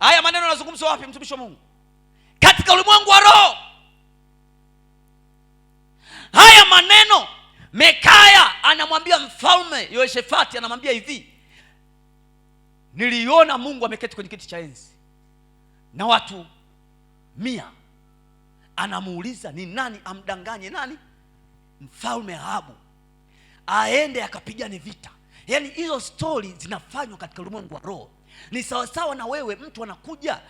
Haya maneno yanazungumzwa wapi, mtumishi wa Mungu? Katika ulimwengu wa roho. Haya maneno Mekaya anamwambia mfalme yoshefati anamwambia hivi, niliona Mungu ameketi kwenye kiti cha enzi na watu mia. Anamuuliza ni nani amdanganye nani, mfalme Ahabu aende akapigane vita. Yaani hizo stori zinafanywa katika ulimwengu wa roho. Ni sawasawa na wewe, mtu anakuja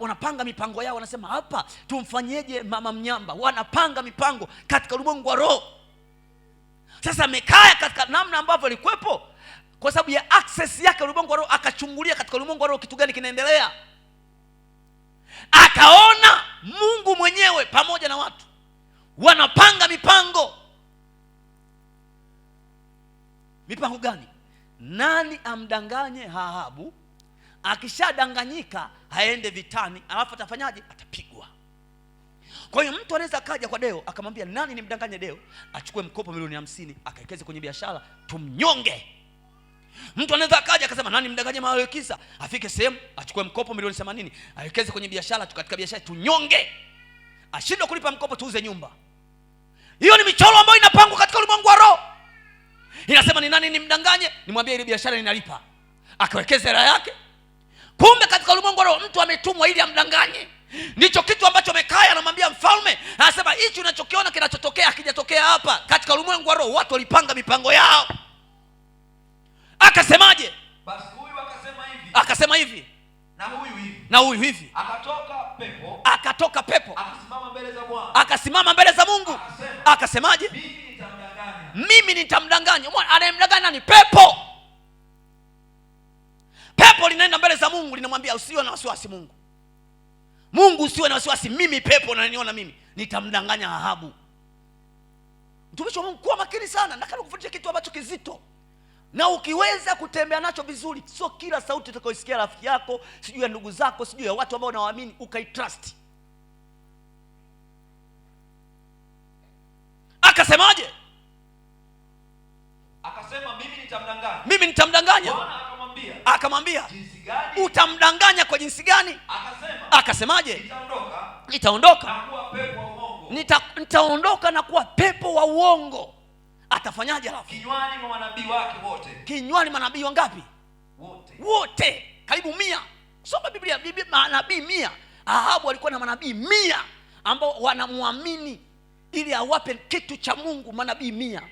wanapanga mipango yao, wanasema hapa tumfanyeje mama mnyamba, wanapanga mipango katika ulimwengu wa roho. Sasa amekaa katika namna ambavyo alikuwepo, kwa sababu ya access yake ulimwengu wa roho, akachungulia katika ulimwengu wa roho kitu gani kinaendelea, akaona Mungu mwenyewe pamoja na watu wanapanga mipango. Mipango gani? Nani amdanganye ha, Akishadanganyika aende vitani, alafu atafanyaje? Atapigwa. Kwa hiyo mtu anaweza akaja kwa Deo akamwambia nani nimdanganye Deo achukue mkopo milioni hamsini akawekeze kwenye biashara tumnyonge. Mtu anaweza akaja akasema nani mdanganye Kisa, afike sehemu achukue mkopo milioni themanini awekeze kwenye biashara, katika biashara tunyonge, ashindwe kulipa mkopo, tuuze nyumba. Hiyo ni michoro ambayo inapangwa katika ulimwengu wa roho. Inasema ni nani nimdanganye, nimwambie ile biashara ninalipa, akawekeze hela yake Kumbe katika ulimwengu roho mtu ametumwa ili amdanganye. Ndicho kitu ambacho mekaya anamwambia mfalme, anasema hichi unachokiona kinachotokea akijatokea hapa. Katika ulimwengu wa roho watu walipanga mipango yao. Akasemaje? akasema hivi, na huyu hivi, Akatoka pepo, akasimama mbele za Mungu, akasemaje? Mimi nitamdanganya. Mimi nitamdanganya. Anayemdanganya ni pepo linaenda mbele za Mungu linamwambia usiwe na wasiwasi Mungu. Mungu usiwe na wasiwasi, mimi pepo niona mimi, nitamdanganya Ahabu. Mtumishi wa Mungu, kuwa makini sana. Nataka nikufundishe kitu ambacho kizito na ukiweza kutembea nacho vizuri. Sio kila sauti utakayosikia rafiki yako, sijui ya ndugu zako, sijui ya watu ambao unawaamini ukaitrust. Akasemaje? Akasema mimi nitamdanganya, mimi nitamdanganya akamwambia utamdanganya kwa jinsi gani? Akasemaje? Nitaondoka, nitaondoka na kuwa pepo wa uongo. Atafanyaje? Alafu kinywani mwa manabii wake wote, kinywani manabii wangapi? Wote, wote karibu mia. Soma Biblia, Biblia manabii mia. Ahabu alikuwa na manabii mia ambao wanamwamini ili awape kitu cha Mungu, manabii mia.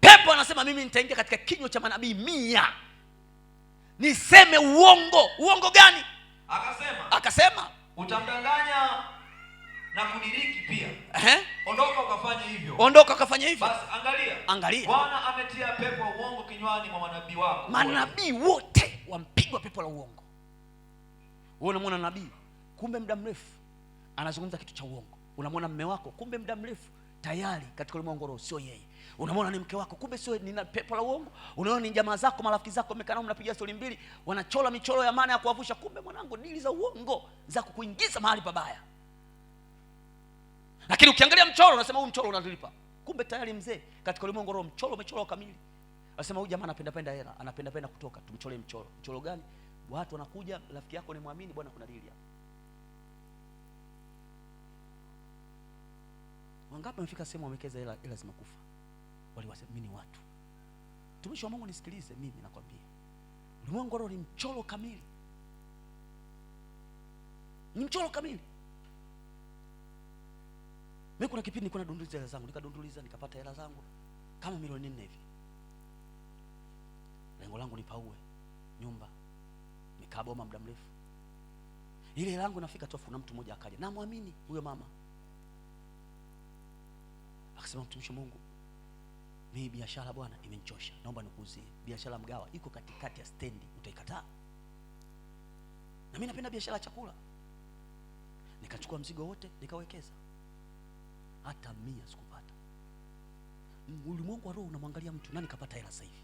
Pepo anasema mimi nitaingia katika kinywa cha manabii mia niseme uongo. Uongo gani? Akasema, akasema utamdanganya na kudiriki pia. Ehe, ondoka ukafanye hivyo, ondoka ukafanye hivyo. Basi angalia, angalia, Bwana ametia pepo ya uongo kinywani mwa manabii wako. Manabii wote wampigwa pepo la uongo. Wewe unamwona nabii, kumbe muda mrefu anazungumza kitu cha uongo. Unamwona mme wako, kumbe muda mrefu tayari katika ulimwengu sio yeye unamwona ni mke wako, kumbe sio, nina pepo la uongo. Unaona ni jamaa zako, marafiki zako, mmekaa mnapiga stori mbili, wanachola michoro ya maana ya kuwavusha, kumbe mwanangu, dili za uongo za kukuingiza mahali pabaya. Lakini ukiangalia mchoro unasema huu mchoro unalipa, kumbe tayari mzee, katika ulimwengu roho mchoro umechorwa kamili. Unasema huyu jamaa anapenda penda hela, anapenda penda kutoka, tumchore mchoro. Mchoro gani? Watu wanakuja, rafiki yako ni muamini, bwana, kuna dili hapa. Wangapi wamefika sehemu wamekeza hela, hela zimekufa waliwasema ni watu. Mtumishi wa Mungu, nisikilize mimi, nakwambia ulimwengu leo ni mchoro kamili, ni mchoro kamili. Mimi kuna kipindi nilikuwa nadunduliza hela zangu, nikadunduliza nikapata hela zangu kama milioni nne hivi. Lengo langu nipaue nyumba, nikaboma muda mrefu. Ile hela yangu inafika tofu kuna mtu mmoja akaja, namwamini huyo mama, akasema mtumishi Mungu mimi biashara bwana imenichosha, naomba nikuuzie biashara mgawa iko katikati ya stendi, utaikataa? Na mimi napenda biashara ya chakula. Nikachukua mzigo wote nikawekeza, hata mia sikupata. Ulimwengu wa roho unamwangalia mtu nani kapata hela sasa hivi,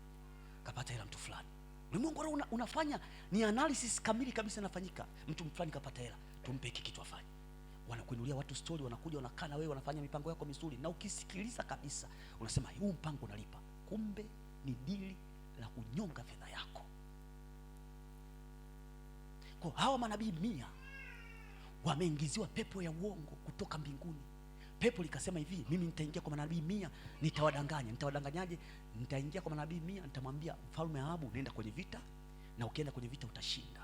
kapata hela mtu fulani. Ulimwengu wa roho una, unafanya ni analysis kamili kabisa, inafanyika mtu fulani kapata hela, tumpe hiki kitu afanye wanakuinulia watu stori, wanakuja wanakaa na wewe, wanafanya mipango yako mizuri, na ukisikiliza kabisa unasema huu mpango unalipa, kumbe ni dili la kunyonga fedha yako. Kwa hawa manabii mia wameingiziwa pepo ya uongo kutoka mbinguni. Pepo likasema hivi, mimi nitaingia kwa manabii mia, nitawadanganya. Nitawadanganyaje? Nitaingia kwa manabii mia, nitamwambia mfalme Ahabu, nenda kwenye vita, na ukienda kwenye vita utashinda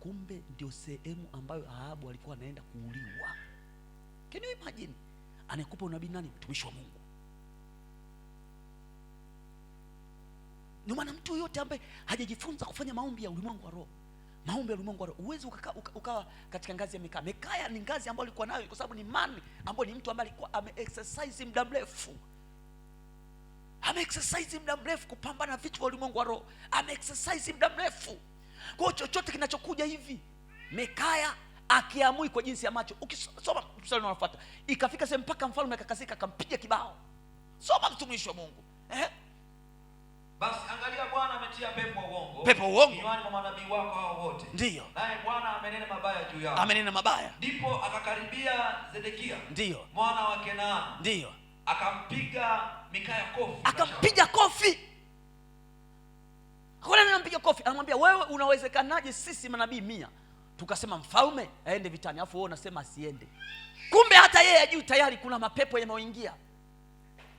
kumbe ndio sehemu ambayo Ahabu alikuwa anaenda kuuliwa. Can you imagine? Anayekupa unabii nani? Mtumishi wa Mungu. Ni maana mtu yoyote ambaye hajajifunza kufanya maombi ya ulimwengu wa roho, maombi ya ulimwengu wa roho, huwezi ukakaa ukawa katika ngazi ya Mikaya. Mikaya ni ngazi ambayo alikuwa nayo kwa sababu ni man ambayo ni mtu ambaye alikuwa exercise muda mrefu exercise muda mrefu kupambana vitu vya ulimwengu wa roho, exercise muda mrefu kwa hiyo chochote kinachokuja hivi, mekaya akiamui kwa jinsi ya macho. Ukisoma mstari unaofuata, ikafika sehemu mpaka mfalme akakasika, akampiga kibao. Soma mtumishi wa Mungu eh? Basi angalia, Bwana ametia pepo uongo, pepo uongo miwani mwa manabii wako hao wote, ndiyo naye Bwana amenena mabaya juu yao, amenena mabaya. Ndipo akakaribia Zedekia, ndiyo mwana wa Kenaana, ndiyo akampiga Mikaya kofi, akampiga kofi hakuna anampiga kofi, anamwambia wewe, unawezekanaje sisi manabii mia tukasema mfalme aende vitani, afu wewe unasema asiende? Kumbe hata yeye ajui tayari kuna mapepo yanayoingia.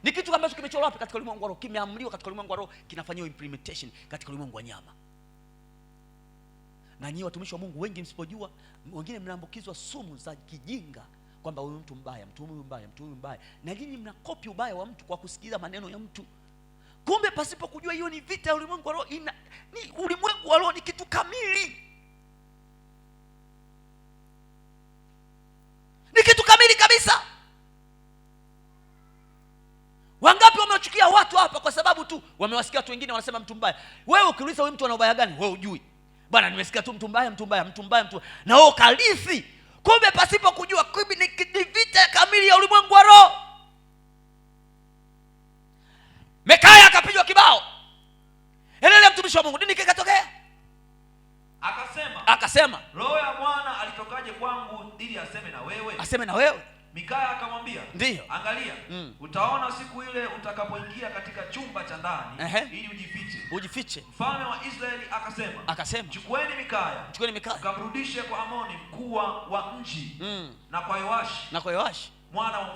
Ni kitu ambacho kimechorwa wapi? Katika ulimwengu wa roho, kimeamriwa katika ulimwengu wa roho, kinafanyiwa implementation katika ulimwengu wa nyama. Na nyinyi watumishi wa Mungu wengi msipojua, wengine mnaambukizwa sumu za kijinga kwamba huyu mtu mbaya, mtu huyu mbaya, mtu huyu mbaya, na nyinyi mnakopi ubaya wa mtu kwa kusikiliza maneno ya mtu. Kumbe pasipo kujua hiyo ni vita ya ulimwengu wa roho. Ni ulimwengu wa roho, ni kitu kamili, ni kitu kamili kabisa. Wangapi wamewachukia watu hapa kwa sababu tu wamewasikia watu wengine wanasema mtu mbaya. Wewe ukiuliza huyu mtu ana ubaya gani, wewe ujui Bwana, nimesikia tu mtu mbaya, mtu mbaya, mtu mbaya, mtu na wewe ukarithi. Kumbe pasipo kujua, ni vita kamili ya ulimwengu wa roho mekaya akapigwa kibao. Elele mtumishi wa Mungu, nini kikatokea? Akasema, akasema roho ya Bwana alitokaje kwangu ili aseme na wewe? Aseme na wewe. Mikaya akamwambia ndiyo, angalia mm. utaona siku ile utakapoingia katika chumba cha ndani ili ujifiche, ujifiche. Mfalme wa Israeli akasema, akasema chukueni Mikaya, chukueni Mikaya, kamrudishe kwa Amoni mkuu wa nchi mm. na kwa Yoashi, na kwa Yoashi mwana wa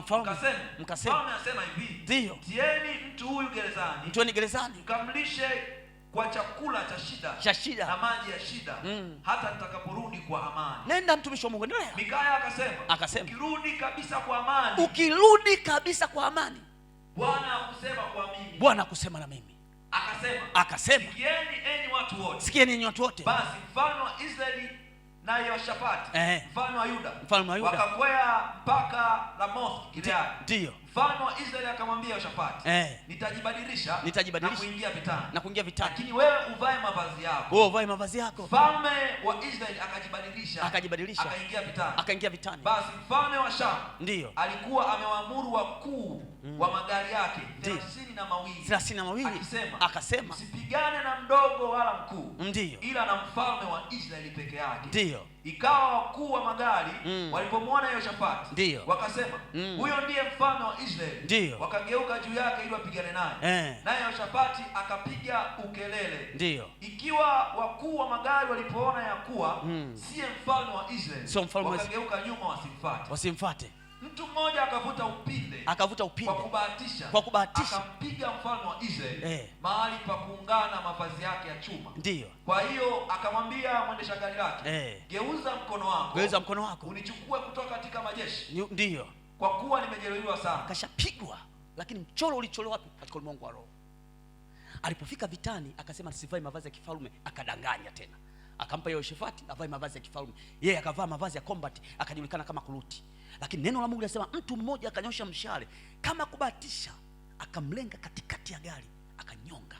mfalme, Mkasema anasema hivi, ndio tieni mtu huyu gerezani, mtueni gerezani, mkamlishe kwa chakula cha shida cha shida na maji ya shida mm. hata nitakaporudi kwa amani. Nenda mtumishi wa Mungu, endelea. Mikaya akasema akasema, ukirudi kabisa kwa amani, ukirudi kabisa kwa amani, Bwana akusema kwa mimi, Bwana akusema na mimi akasema akasema, sikieni enyi watu wote, sikieni enyi watu wote, basi mfano wa Israeli na Yehoshafati mfalme wa Yuda, mfalme wa Yuda, wakakwea mpaka Ramoth Gileadi, ndio Mfano Israeli akamwambia Yoshafati, eh, nitajibadilisha nitajibadilisha vitani na kuingia vitani, lakini wewe uvae mavazi yako, wewe uvae mavazi yako. Mfalme wa Israeli akajibadilisha akajibadilisha akaingia vitani akaingia vitani. Basi mfalme wa Shamu ndio alikuwa amewaamuru wakuu mm, wa magari yake thelathini na mawili akasema msipigane na mdogo wala mkuu, ndio ila na mfalme wa Israeli peke yake, ndio Ikawa wakuu wa magari mm. walipomwona yoshafati ndio wakasema mm. huyo ndiye mfalme wa Israeli. Ndio wakageuka juu yake ili wapigane naye eh. Naye yoshafati akapiga ukelele. Ndio ikiwa wakuu wa magari walipoona ya kuwa mm. siye mfalme wa Israeli, so wakageuka nyuma wasimfate, wasimfate. Mtu mmoja akavuta upinde, akavuta upinde kwa kubahatisha, kwa kubahatisha akampiga mfano wa Israeli eh, mahali pa kuungana mavazi yake ya chuma. Ndiyo, kwa hiyo akamwambia mwendesha gari lake eh, geuza mkono wako, geuza mkono wako unichukue kutoka katika majeshi, ndiyo, kwa kuwa nimejeruhiwa sana. akashapigwa lakini mchoro ulichoro wapi? Katika ulimwengu wa roho. Alipofika vitani, akasema sivai mavazi ya kifalme, akadanganya tena, akampa Yehoshafati avae mavazi ya kifalme, yeye akavaa mavazi ya combat, akajulikana kama kuruti lakini neno la Mungu linasema mtu mmoja akanyosha mshale kama kubatisha akamlenga katikati ya gari akanyonga.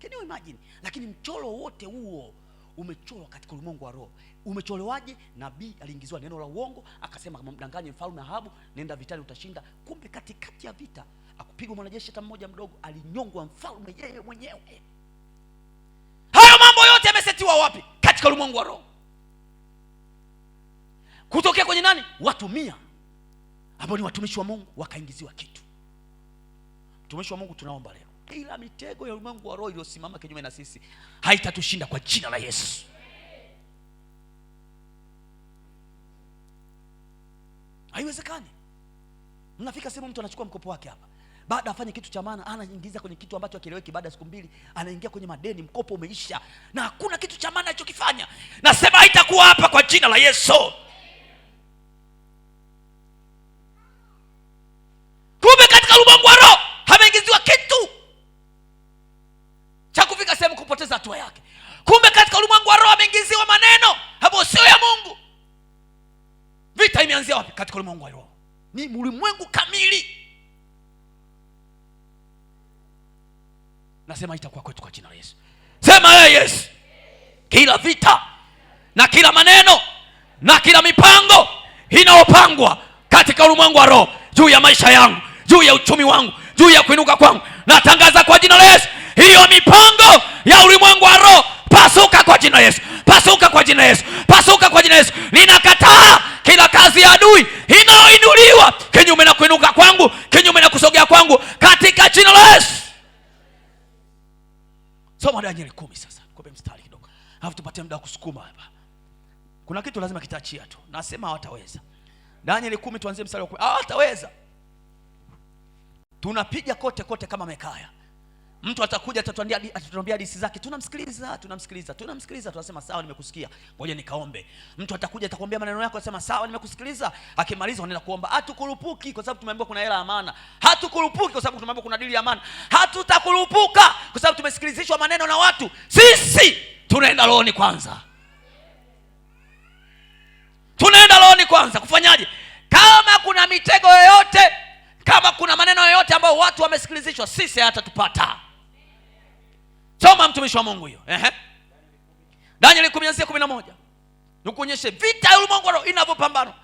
Can you imagine? Lakini mchoro wote huo umechorwa katika ulimwengu wa roho. umecholewaje Nabii aliingiziwa neno la uongo, akasema mdanganye mfalme Ahabu, nenda vitani utashinda. Kumbe katikati ya vita akupigwa mwanajeshi hata mmoja mdogo, alinyongwa mfalme yeye mwenyewe. Hayo mambo yote yamesetiwa wapi? Katika ulimwengu wa roho kutokea kwenye nani? Watu mia ambao ni watumishi wa Mungu wakaingiziwa kitu. Mtumishi wa Mungu, tunaomba leo ila mitego ya ulimwengu wa roho iliyosimama kinyume na sisi haitatushinda kwa jina la Yesu. Haiwezekani. Mnafika sehemu mtu anachukua mkopo wake hapa, baada afanye kitu cha maana, anaingiza kwenye kitu ambacho akieleweki. Baada ya siku mbili anaingia kwenye madeni, mkopo umeisha na hakuna kitu cha maana alichokifanya. Nasema haitakuwa hapa kwa jina la Yesu. katika ulimwengu wa roho ameingiziwa kitu cha kufika sehemu kupoteza hatua yake kumbe katika ulimwengu wa roho ameingiziwa maneno ambayo sio ya mungu vita imeanzia wapi katika ulimwengu wa roho ni ulimwengu kamili nasema itakuwa kwetu kwa jina la yesu sema ye ee yesu kila vita na kila maneno na kila mipango inayopangwa katika ulimwengu wa roho juu ya maisha yangu juu ya uchumi wangu, juu ya kuinuka kwangu. Natangaza kwa jina la Yesu, hiyo mipango ya ulimwengu wa roho pasuka kwa jina la Yesu, pasuka kwa jina la Yesu, pasuka kwa jina la Yesu. Ninakataa kila kazi ya adui inayoinuliwa kinyume na kuinuka kwangu, kinyume na kusogea kwangu, katika jina la Yesu. Soma Danieli kumi sasa, kope mstari kidogo, halafu tupatie muda wa kusukuma hapa. Kuna kitu lazima kitachia tu, nasema hawataweza. Danieli kumi, tuanzie mstari wa kumi. Hawataweza Tunapiga kote kote kama mekaya Mtu atakuja atatuambia hadithi zake, tunamsikiliza tunamsikiliza tunamsikiliza, tunasema sawa, nimekusikia, ngoja nikaombe. Mtu atakuja atakuambia maneno yako, asema sawa, nimekusikiliza. Akimaliza unaenda kuomba. Hatukurupuki kwa sababu tumeambiwa kuna hela ya amana, hatukurupuki kwa sababu tumeambiwa kuna dili ya amana, hatutakurupuka kwa sababu tumesikilizishwa maneno na watu. Sisi tunaenda rohoni kwanza, tunaenda rohoni kwanza. Kufanyaje? watu wamesikilizishwa, sisi hayatatupata. Soma mtumishi wa Mungu hiyo, ehe, Danieli kumi kumi na moja nikuonyeshe vita ya ulimwengu roho inavyopambana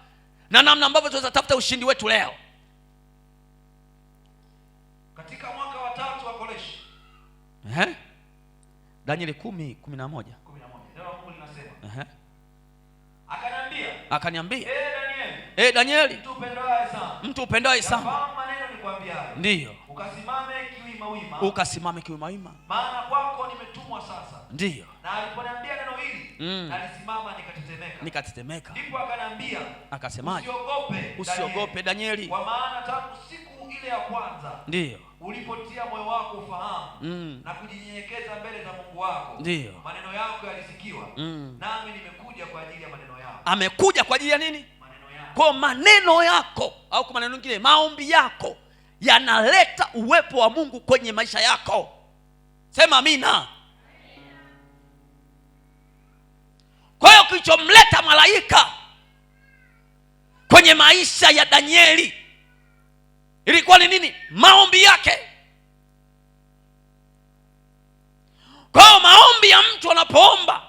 na namna ambavyo tunaweza tafuta ushindi wetu leo. Katika mwaka wa tatu wa Koreshi, ehe, Danieli kumi kumi na moja akaniambia, akaniambia, eh Danieli, mtu upendaye sana ndiyo ukasimame kiwimawima, ukasimame kiwimawima, maana kwako nimetumwa sasa. Ndiyo, na aliponiambia neno hili mm, nalisimama nikatetemeka, nikatetemeka. Ndipo akaniambia akasemaje? Usiogope, usiogope Danieli, kwa maana tangu siku ile ya kwanza ndiyo ulipotia moyo wako ufahamu mm. na kujinyenyekeza mbele za Mungu wako, ndiyo maneno yako yalisikiwa mm. nami nimekuja kwa ajili ya maneno yako. Amekuja kwa ajili ya nini? Maneno kwa maneno yako au kwa maneno mengine maombi yako yanaleta uwepo wa Mungu kwenye maisha yako. Sema amina. Kwa hiyo kilichomleta malaika kwenye maisha ya Danieli ilikuwa ni nini? Maombi yake. Kwa hiyo maombi ya mtu anapoomba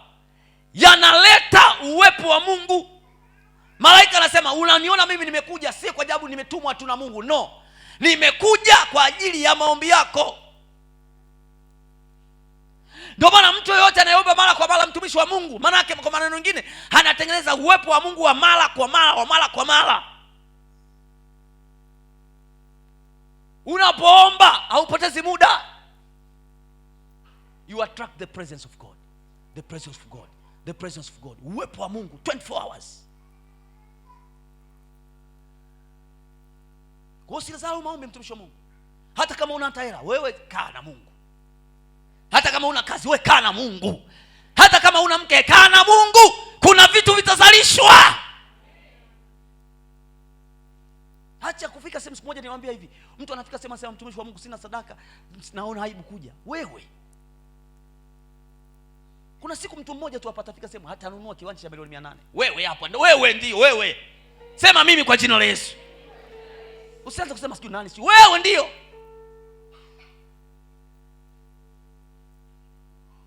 yanaleta uwepo wa Mungu. Malaika anasema, unaniona mimi nimekuja, si kwa sababu nimetumwa tu na Mungu, no limekuja kwa ajili ya maombi yako. Ndio maana mtu yoyote anayeomba mara kwa mara, mtumishi wa Mungu, maana yake kwa maneno mengine, anatengeneza uwepo wa Mungu wa mara kwa mara, wa mara kwa mara. Unapoomba haupotezi muda, you attract the presence of God, the presence of God, the presence of God, uwepo wa Mungu 24 hours Kwa usilazau maombi, mtumishi wa Mungu. Hata kama una hata wewe kaa na Mungu. Hata kama una kazi, wewe kaa na Mungu. Hata kama una mke, kaa na Mungu. Kuna vitu vitazalishwa. Hacha kufika sehemu. Siku moja niwaambia hivi, mtu anafika sehemu sema mtumishi wa Mungu, sina sadaka, naona aibu kuja. Wewe kuna siku mtu mmoja tu hapa atafika hata anunua kiwanja cha milioni mia nane. Wewe hapo ndio wewe, ndio wewe, sema mimi kwa jina la Yesu usianze kusema sijui nani, sijui wewe ndio.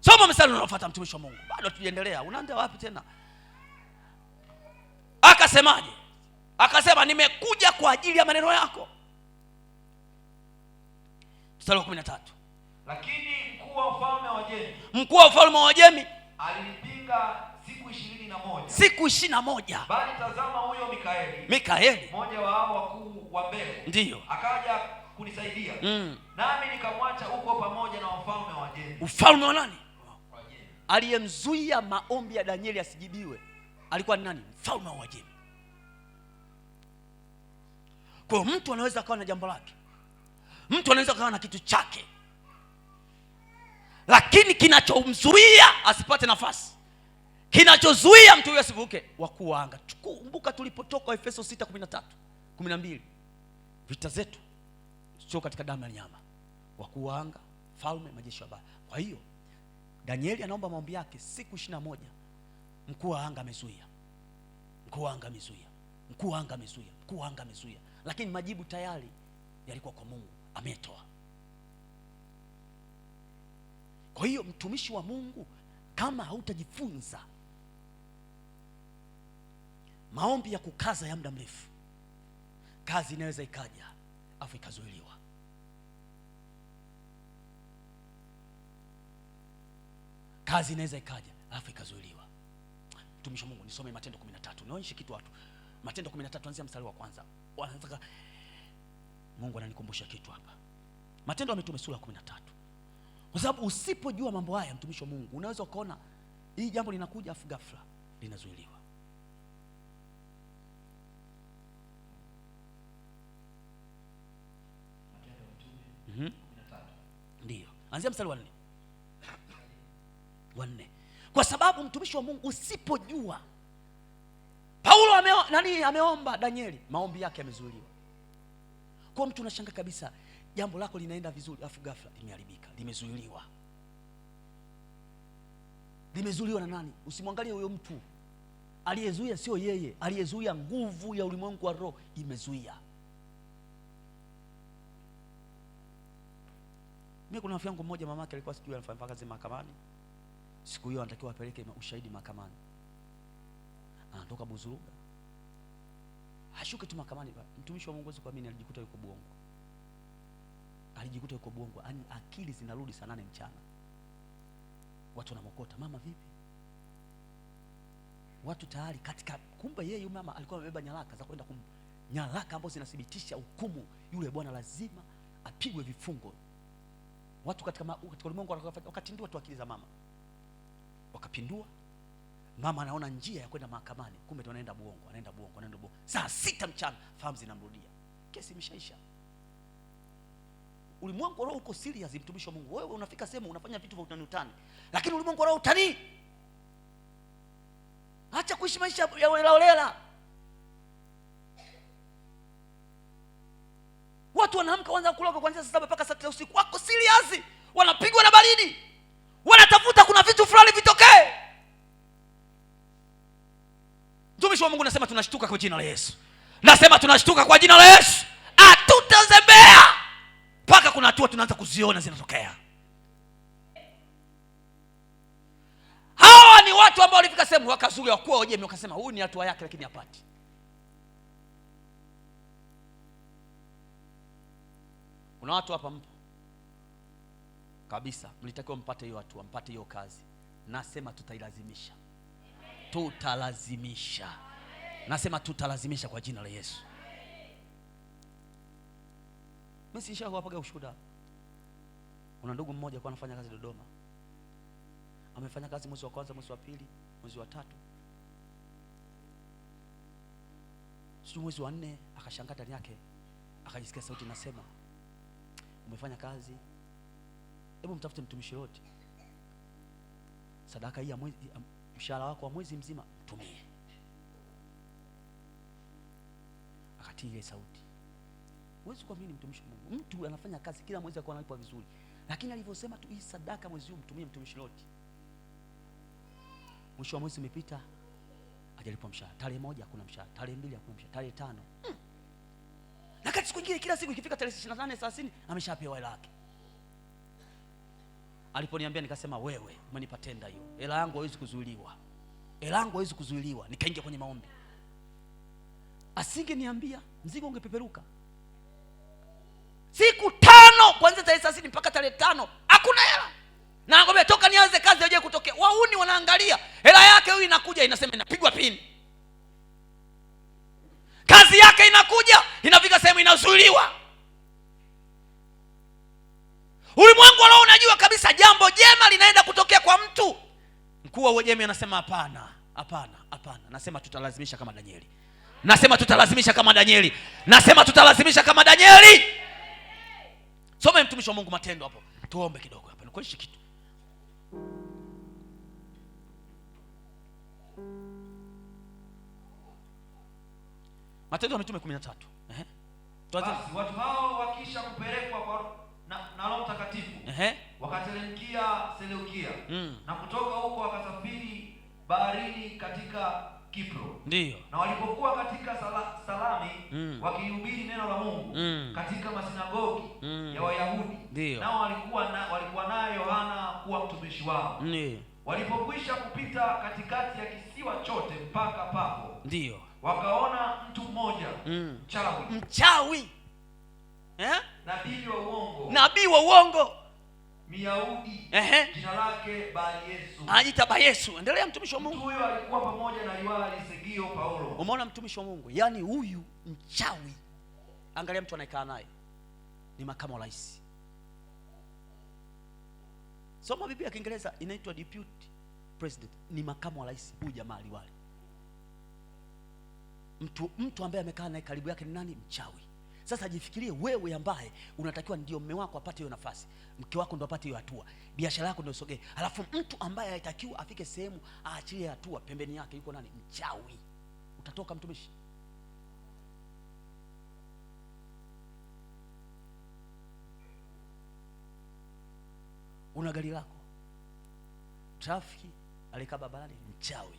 Soma mstari unaofuata, mtumishi wa Mungu, bado tujiendelea. unaanza wapi tena? Akasemaje? Akasema, nimekuja kwa ajili ya maneno yako. Mstari wa kumi na tatu, lakini mkuu wa ufalme wa jemi mkuu wa ufalme wa jemi alipinga siku ishirini na moja siku ishirini na moja bali tazama, huyo Mikaeli, Mikaeli mmoja wa hao wakuu wa mbele, ndio akaja kunisaidia mm. nami nikamwacha huko pamoja na wafalme wa jeni Ufalme wa nani? Aliyemzuia maombi ya Danieli asijibiwe alikuwa ni nani? Mfalme wa Wajemi. Kwa mtu anaweza akawa na jambo lake, mtu anaweza akawa na kitu chake, lakini kinachomzuia asipate nafasi, kinachozuia mtu huyo asivuke, wakuu wa anga. Kumbuka tulipotoka Efeso 6:13 12 vita zetu sio katika damu na nyama, wakuu wa anga, falme, majeshi mabaya. Kwa hiyo Danieli anaomba maombi yake siku ishirini na moja. Mkuu wa anga amezuia, mkuu wa anga amezuia, mkuu wa anga amezuia, mkuu wa anga amezuia, lakini majibu tayari yalikuwa kwa Mungu, ametoa. Kwa hiyo mtumishi wa Mungu, kama hautajifunza maombi ya kukaza ya muda mrefu kazi inaweza ikaja afu ikazuiliwa. Kazi inaweza ikaja afu ikazuiliwa. Mtumishi wa Mungu, nisome Matendo 13, nionyeshe kitu watu. Matendo 13 anzia mstari wa kwanza. Wanataka Mungu ananikumbusha kitu hapa. Matendo ya Mitume sura ya 13. Kwa sababu usipojua mambo haya, mtumishi wa Mungu, unaweza ukaona hii jambo linakuja afu ghafla linazuiliwa. anzia mstari wa nne wa nne kwa sababu mtumishi wa Mungu usipojua Paulo ame, nani ameomba Danieli, maombi yake yamezuiliwa. Kwa mtu unashanga kabisa, jambo lako linaenda vizuri, alafu ghafla limeharibika, limezuiliwa, limezuiliwa na nani? Usimwangalie huyo mtu aliyezuia, sio yeye aliyezuia, nguvu ya ulimwengu wa roho imezuia. Mimi kuna rafiki yangu mmoja yake alikuwa sijui anafanya kazi mahakamani. Siku hiyo anatakiwa apeleke ushahidi mahakamani. Anatoka Buzuruga. Ashuke tu mahakamani, mtumishi wa Mungu kwa mimi alijikuta yuko Buongo. Alijikuta yuko Buongo, yani akili zinarudi saa nane mchana. Watu wanamokota, mama vipi? Watu tayari katika kumbe, yeye yule mama alikuwa amebeba nyaraka za kwenda kum nyaraka ambazo zinathibitisha hukumu, yule bwana lazima apigwe vifungo. Watu katika, katika ulimwengu wakatindua tu akili za mama, wakapindua. Mama anaona njia ya kwenda mahakamani, kumbe ndio anaenda buongo, anaenda buongo, anaenda buongo. Saa sita mchana fahamu zinamrudia, kesi imeshaisha. Ulimwengu wa roho uko serious, mtumishi wa Mungu. Wewe unafika sehemu unafanya vitu vya utani utani, lakini ulimwengu wa roho utani. Acha kuishi maisha ya holela holela. Watu wanaamka wanza kuloga kuanzia saa saba mpaka saa tisa usiku, wako serious, wanapigwa na baridi, wanatafuta kuna vitu fulani vitokee. Mtumishi wa Mungu, nasema tunashtuka kwa jina la Yesu, nasema tunashtuka kwa jina la Yesu. Hatutazembea mpaka kuna hatua tunaanza kuziona zinatokea. Hawa ni watu ambao walifika sehemu wakazuri wakuwa wajemi, wakasema huyu ni hatua yake, lakini hapati Kuna watu hapa mpo kabisa, mlitakiwa mpate hiyo hatua, mpate hiyo kazi. Nasema tutailazimisha, tutalazimisha. Nasema tutalazimisha kwa jina la Yesu. Mimi sishawapaga ushuhuda. Kuna ndugu mmoja kwa anafanya kazi Dodoma, amefanya kazi mwezi wa kwanza, mwezi wa pili, mwezi wa tatu, sijui mwezi wa nne, akashangaa ndani yake akajisikia sauti nasema umefanya kazi, hebu mtafute mtumishi yote, sadaka hii ya mwezi, mshahara wako wa mwezi mzima mtumie. ile sauti, huwezi kuamini, mtumishi Mungu, mtu anafanya kazi kila mwezi akawa analipwa vizuri, lakini alivyosema tu hii sadaka mwezi huu mtumie, mtumishi yote. mwisho wa mwezi umepita, ajalipwa mshahara. Tarehe moja hakuna mshahara, tarehe mbili hakuna mshahara, tarehe tano hmm siku ingine, kila siku ikifika tarehe 28 30 ameshapewa hela yake. Aliponiambia nikasema, wewe umenipa tenda hiyo, hela yangu haiwezi kuzuiliwa, hela yangu haiwezi kuzuiliwa. Nikaingia kwenye maombi. Asingeniambia mzigo ungepeperuka. Siku tano kuanzia tarehe 30 mpaka tarehe tano hakuna hela. Na ngombe toka nianze kazi aje kutokea. Wauni wanaangalia hela yake huyu inakuja, inasema inapigwa pini kazi yake inakuja, inafika sehemu inazuiliwa. Ulimwengu wa unajua kabisa jambo jema linaenda kutokea kwa mtu. Mkuu wa Uajemi anasema hapana, hapana, hapana. Nasema tutalazimisha kama Danieli, nasema tutalazimisha kama Danieli, nasema tutalazimisha kama Danieli. Some mtumishi wa Mungu Matendo hapo, tuombe kidogo hapa, nikuonyeshe kitu. Matendo ya Mitume 13. watu hao wakisha kupelekwa kwa na, na Roho Mtakatifu. Ehe. Wakateremkia Seleukia. Mm. Na kutoka huko wakasafiri baharini katika Kipro. Ndiyo. Na walipokuwa katika sala, Salami mm. wakihubiri neno la Mungu mm. katika masinagogi mm. ya Wayahudi. Ndiyo. Nao walikuwa na, walikuwa naye Yohana kuwa mtumishi wao. Ndiyo. Walipokwisha kupita katikati ya kisiwa chote mpaka Papo. Ndiyo wakaona mtu mmoja mm. mchawi, mchawi. Eh? nabii wa uongo, nabii wa uongo Myahudi jina lake Bar-Yesu anajiita Bar-Yesu. Endelea mtumishi wa Mungu. huyo alikuwa pamoja na Yohana Elisegio Paulo. Umeona mtumishi wa Mungu, yaani huyu mchawi, angalia mtu anayekaa naye ni makamu rais. Soma Biblia ya Kiingereza inaitwa deputy president, ni makamu wa rais huyu jamaa aliwali mtu, mtu ambaye amekaa naye karibu yake ni nani? Mchawi. Sasa jifikirie wewe ambaye unatakiwa ndio mme wako apate hiyo nafasi, mke wako ndio apate hiyo hatua, biashara yako ndio isogee, alafu mtu ambaye haitakiwa afike sehemu aachilie hatua, pembeni yake yuko nani? Mchawi. Utatoka mtumishi? Una gari lako, trafiki alikaa barabarani, mchawi.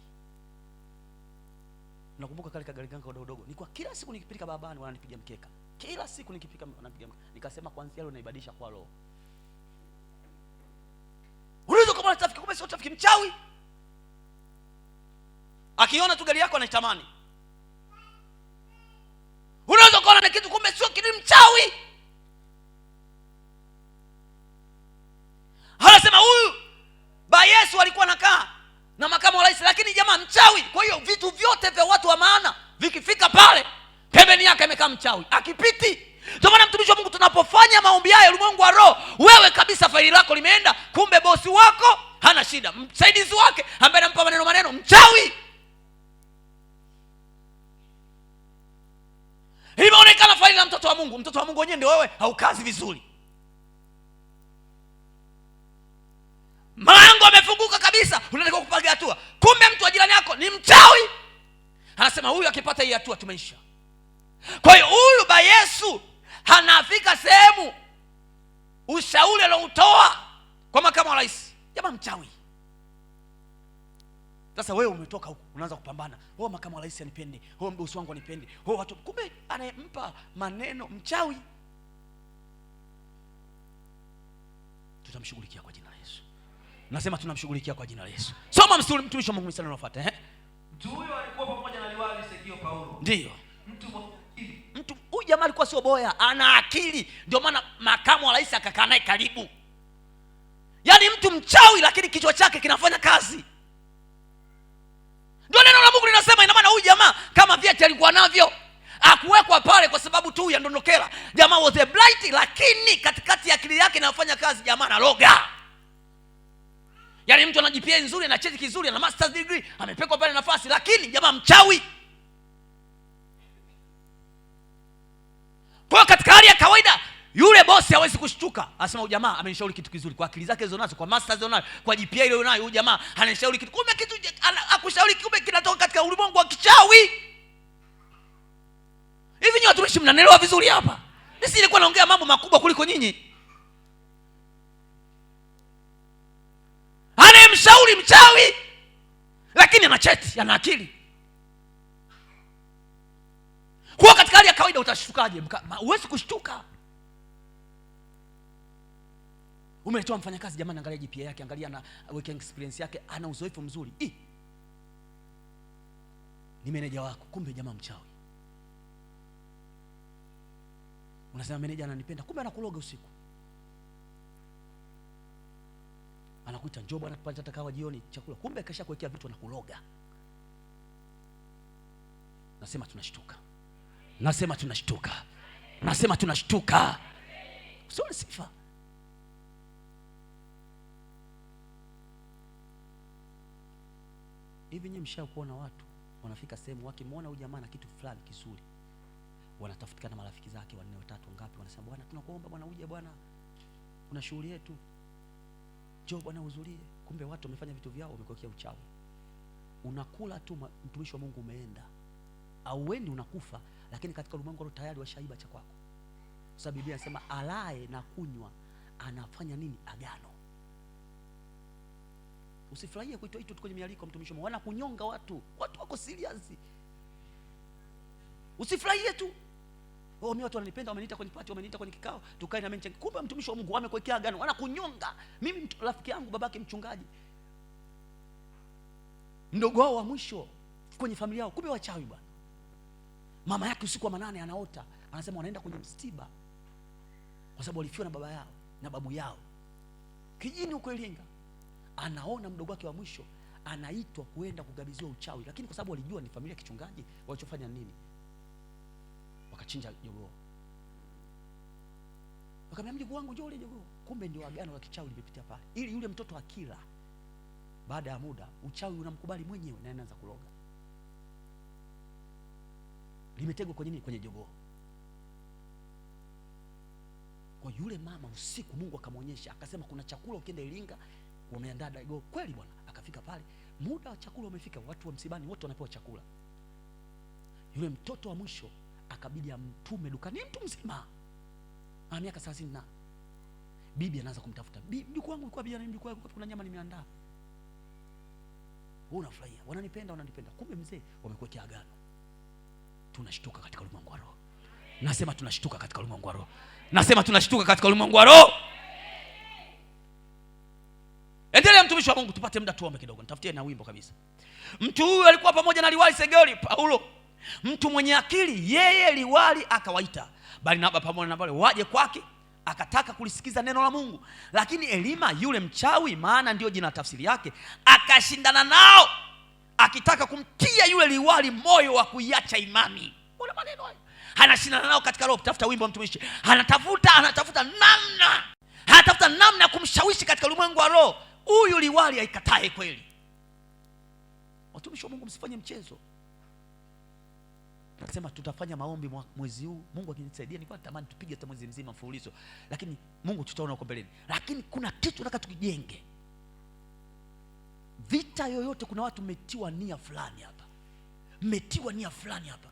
Nakumbuka kale kagari kangu kadogo dogo, nilikuwa kila siku nikipika babani wananipiga mkeka, kila siku nikipika wananipiga mkeka. Nikasema kwanza leo naibadilisha kwa roho. Unaweza kama unatafiki, kumbe sio rafiki, mchawi. Akiona tu gari yako anaitamani. Unaweza kuona na kitu, kumbe sio kitu, mchawi. Anasema huyu ba Yesu alikuwa nakaa na makamu wa rais, lakini jamaa mchawi. Kwa hiyo vitu vyote vya watu wa maana vikifika pale, pembeni yake amekaa mchawi, akipiti. Ndio maana mtumishi wa Mungu, tunapofanya maombi haya ulimwengu wa roho, wewe kabisa faili lako limeenda, kumbe bosi wako hana shida, msaidizi wake ambaye anampa maneno maneno, mchawi. imeonekana faili la mtoto wa Mungu, mtoto wa Mungu wenyewe ndio wewe, haukazi vizuri kabisa unatakiwa kupiga hatua. Kumbe mtu wa jirani yako ni mchawi, anasema huyu akipata hii hatua tumeisha. Kwa hiyo huyu ba Yesu anafika sehemu, ushauri aloutoa kwa makamu wa rais, jamaa mchawi. Sasa wewe umetoka huku unaanza kupambana, o oh, makamu wa rais anipende, o oh, bosi wangu anipende, oh, watu. Kumbe anayempa maneno mchawi, tutamshughulikia kwa jina nasema tunamshughulikia kwa jina la Yesu. Soma mstari mtumishi wa Mungu mstari unaofuata eh. Mtu huyo alikuwa pamoja na liwali Sergio Paulo. Ndio. Mtu mtu huyu jamaa alikuwa sio boya, ana akili. Ndio maana makamu wa rais akakaa naye karibu. Yaani mtu mchawi lakini kichwa chake kinafanya kazi. Ndio neno la Mungu linasema, ina maana huyu jamaa kama vyeti alikuwa navyo akuwekwa pale kwa sababu tu ya ndondokela. Jamaa was a blight, lakini katikati ya akili yake inafanya kazi, jamaa analoga yaani mtu ana GPA nzuri ana cheti kizuri ana masters degree amepekwa pale nafasi, lakini jamaa mchawi. Kwa katika hali ya kawaida yule bosi hawezi kushtuka, anasema huyu jamaa amenishauri kitu kizuri kwa akili zake zonazo, kwa masters zonazo, kwa GPA ile unayo, huyu jamaa ananishauri kitu, kumbe kitu akushauri kumbe kinatoka katika ulimwengu wa kichawi. Hivi nyote watumishi vizuri hapa? nisi ilikuwa naongea mambo makubwa kuliko nyinyi. mshauri mchawi lakini ana cheti ana akili kwa katika hali ya kawaida utashtukaje huwezi kushtuka umetoa mfanyakazi jamani angalia gpa yake angalia na working experience yake ana uzoefu mzuri I. ni meneja wako kumbe jamaa mchawi unasema meneja ananipenda kumbe anakuloga usiku anakuita njoo bwana, tupate hata kawa jioni chakula, kumbe akasha kuwekea vitu anakuloga. Nasema tunashtuka, nasema tunashtuka, nasema tunashtuka. Sio sifa hivi. Nyinyi msha kuona watu wanafika sehemu, wakimwona huyu jamaa na kitu fulani kizuri, wanatafutikana marafiki zake wanne watatu ngapi, wanasema bwana, tunakuomba bwana, uje bwana, kuna shughuli yetu njoo bwana uzulie. Kumbe watu wamefanya vitu vyao, wamekuwekea uchawi. Unakula tu, mtumishi wa Mungu, umeenda au wendi, unakufa, lakini katika ulimwengu tayari washaiba cha kwako, kwa sababu Biblia inasema alaye na kunywa anafanya nini? Agano. Usifurahie kuitwa itu kwenye mialiko, mtumishi wa Mungu, kunyonga watu, watu wako serious. Usifurahie tu oh, mimi watu wananipenda, wameniita kwenye party, wameniita kwenye kikao, tukae na mimi. Kumbe mtumishi wa Mungu amekuwekea agano, wanakunyonga. Mimi rafiki yangu babake mchungaji, mdogo wao wa mwisho kwenye familia yao, kumbe wachawi bwana. Mama yake usiku wa manane anaota, anasema wanaenda kwenye msiba, kwa sababu walifiwa na baba yao na babu yao kijini huko Iringa. Anaona mdogo wake wa mwisho anaitwa kuenda kukabidhiwa uchawi, lakini kwa sababu walijua ni familia ya kichungaji, walichofanya nini wakachinja jogoo. Wakamwambia mjukuu wangu njoo ule jogoo. Kumbe ndio agano la kichawi limepitia pale, ili yule mtoto akila, baada ya muda uchawi unamkubali mwenyewe na anaanza kuloga. Limetegwa kwenye nini? Kwenye jogoo. Kwa yule mama usiku, Mungu akamwonyesha akasema, kuna chakula ukienda Iringa wameandaa dago. Kweli bwana, akafika pale, muda wa chakula umefika, watu wa msibani wote wanapewa chakula. Yule mtoto wa mwisho akabidi amtume dukani. Ni mtu mzima ana miaka 30 na bibi anaanza kumtafuta mjukuu wangu, ilikuwa bibi, mjukuu wangu, kuna nyama nimeandaa, wewe unafurahia, wananipenda, wananipenda. Kumbe mzee, wamekuwekea agano. Tunashtuka katika ulimwengu wa roho. Nasema tunashtuka katika ulimwengu wa roho. Nasema tunashtuka katika ulimwengu wa roho. Endelea mtumishi wa Mungu, tupate muda tuombe kidogo. Nitafutie na wimbo kabisa. Mtu huyu alikuwa pamoja na liwali Segoli Paulo Mtu mwenye akili yeye liwali akawaita Barnaba pamoja na Paulo waje kwake, akataka kulisikiza neno la Mungu, lakini Elima yule mchawi, maana ndiyo jina tafsiri yake, akashindana nao akitaka kumtia yule liwali moyo wa kuiacha imani. Ona maneno hayo, anashindana nao katika roho, kutafuta wimbo wa mtumishi, anatafuta anatafuta namna, anatafuta namna ya kumshawishi katika ulimwengu wa roho, huyu liwali aikatae kweli. Watumishi wa Mungu, msifanye mchezo. Nasema tutafanya maombi mwezi huu, Mungu akinisaidia. Nilikuwa natamani tupige hata mwezi mzima mfululizo, lakini Mungu tutaona huko mbeleni. Lakini kuna kitu tunataka tukijenge. Vita yoyote, kuna watu mmetiwa nia fulani hapa, mmetiwa nia fulani hapa,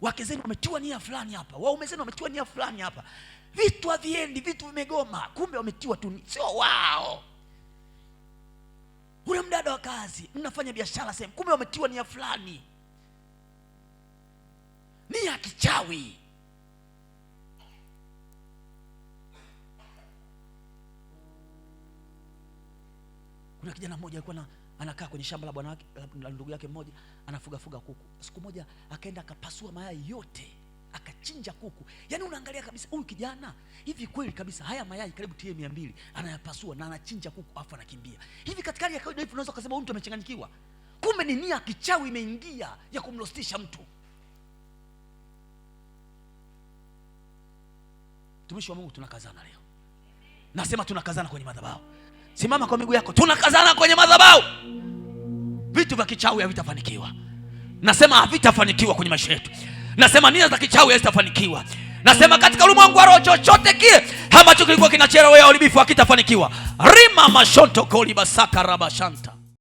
wake zenu wametiwa nia fulani hapa, waume zenu wametiwa nia fulani hapa, vitu haviendi, vitu vimegoma, kumbe wametiwa tu, sio wao. Una mdada wa kazi, mnafanya biashara sehemu, kumbe wametiwa nia fulani ni ya kichawi. Kuna kijana mmoja alikuwa anakaa kwenye shamba la bwana wake la ndugu yake mmoja, anafugafuga kuku. Siku moja akaenda akapasua mayai yote akachinja kuku. Yaani unaangalia kabisa huyu kijana hivi kweli kabisa, haya mayai karibu tie mia mbili anayapasua na anachinja kuku, afu anakimbia hivi. Katikati ya kawaida hivi unaweza ukasema huyu mtu amechanganyikiwa, kumbe ni nia kichawi imeingia ya kumlostisha mtu. Mtumishi wa Mungu, tunakazana leo, nasema tunakazana kwenye madhabahu. Simama kwa miguu yako, tunakazana kwenye madhabahu. Vitu vya kichawi havitafanikiwa, nasema havitafanikiwa kwenye maisha yetu. Nasema nia za kichawi hazitafanikiwa. Nasema katika ulimwengu wa roho, chochote kile ambacho kilikuwa kinachelewa ya ulibifu hakitafanikiwa. rima mashonto koli basaka rabashanta